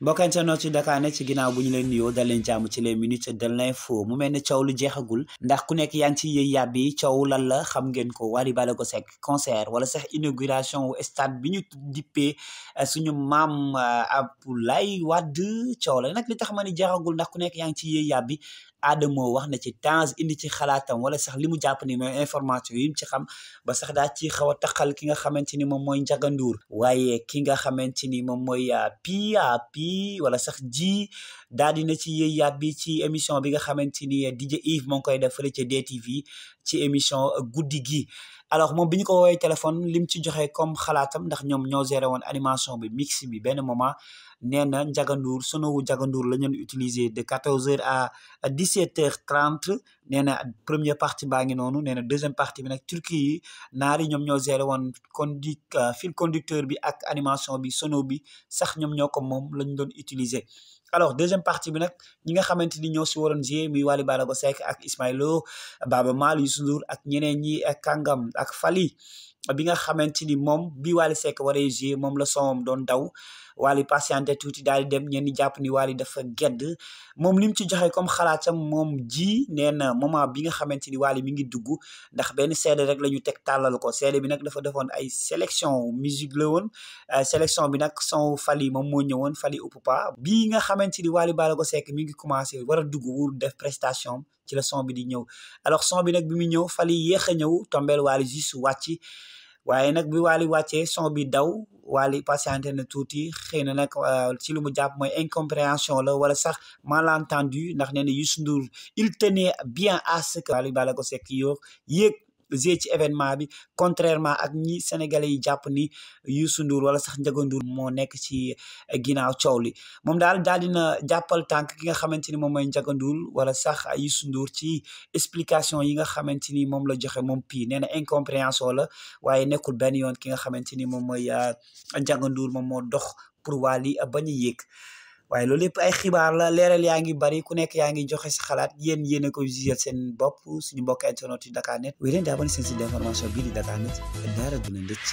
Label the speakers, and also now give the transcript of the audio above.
Speaker 1: mbokkanteenoot ci Dakar ne ci ginnaaw bu ñu leen nuyoo dal leen jàmm ci les minutes de l'info mu mel ni coow lu jeexagul ndax ku nekk yaa ngi ci yëy yàb yi coow lan la xam ngeen ko Wally Ballago Seck concert wala sax inauguration wu stade bi ñu dippee eh, suñu maam eh, Abdoulaye Wade coow la nag li tax ma ni jeexagul ndax ku nekk yaa ngi ci yëy yàb bi Adamo wax na ci temps indi ci xalaatam wala sax li mu jàpp ni mooy information yi mu ci xam ba sax daa ci xaw a taqal ki nga xamante ni moom mooy Ndiaga waaye ki nga xamante ni moom mooy ah, pi a ah, pi wala sax ji daal dina ci yëy yàbbi ci émission bi nga xamante ni ah, DJ Yves moo ngi koy def fële ca DTV ci émission guddi gi alors moom bi ñu ko woowee téléphone lim ci joxe comme xalaatam ndax ñoom ñoo géré woon animation bi mix bi benn moment nee na Ndiaga Ndour sonowu Ndiaga Ndour la ñu utiliser de 14h à 17h30 nee na premier partie baa ngi noonu nee na deuxième partie bi nag Turquie yi naar yi ñoom ñoo géré woon conduit euh, fil conducteur bi ak animation bi sono bi sax ñoom ñoo ko moom la ñu doon utiliser. alors deuxième partie bi nag ñi nga xamante ni ñoo si waroon jouer muy Waly Ballago Seck ak Ismaïla Lo Baba Maal Youssou Ndour ak ñeneen ñi ak Kangam ak fali bi nga xamante ni moom bi Wally Seck war a jouer moom la somam doon daw Wally patienté tuuti daal di dem ñenn ñi jàpp ni Wally dafa gedd moom li mu ci joxe comme xalaatam moom ji nee na moment bi nga xamante ni Wally mi ngi dugg ndax benn seede rek la ñu teg tàllal ko seede bi nag dafa defoon ay sélection musique la woon euh, sélection bi nag son Fally moom moo ñëwoon Fally Ipupa bi nga xamante ni Wally Ballago Seck mi ngi commencé war dugg wur def prestation ci la son bi di ñëw alors son bi nag bi mu ñëw Fally yéex ñëw tombeel Wally juste wàcc waaye nag bi Wally wàccee son bi daw Wally patienté na tuuti xëy na nag euh, ci lu mu jàpp mooy incompréhension la wala sax malentendu ndax nee na Youssou Ndour il tenait bien à ce que Wally Ballago Seck yoo yéeg joué ci événement bi contrairement ak ñi sénégalais yi jàpp ni Youssou Ndour wala sax Ndiaga Ndour moo nekk ci eh, ginnaaw coow li moom daal daal dina jàppal tànk ki nga xamante ni moom mooy Ndiaga Ndour wala sax Youssou Ndour ci explication yi nga xamante ni moom la joxe moom pii nee na incompréhension la waaye nekkul yoon ki nga xamante ni moom mooy eh, Ndiaga Ndour moom moo dox pour waa a bañ a yéeg waaye loolu yëpp ay xibaar la leeral yaa ngi bari ku nekk yaa ngi joxe xalaat yéen yéen a ko seen bopp suñu mbokk internet yi Dakar Net wéy leen di abonné seen site d'information bii di Dakar Net dara du leen dëcc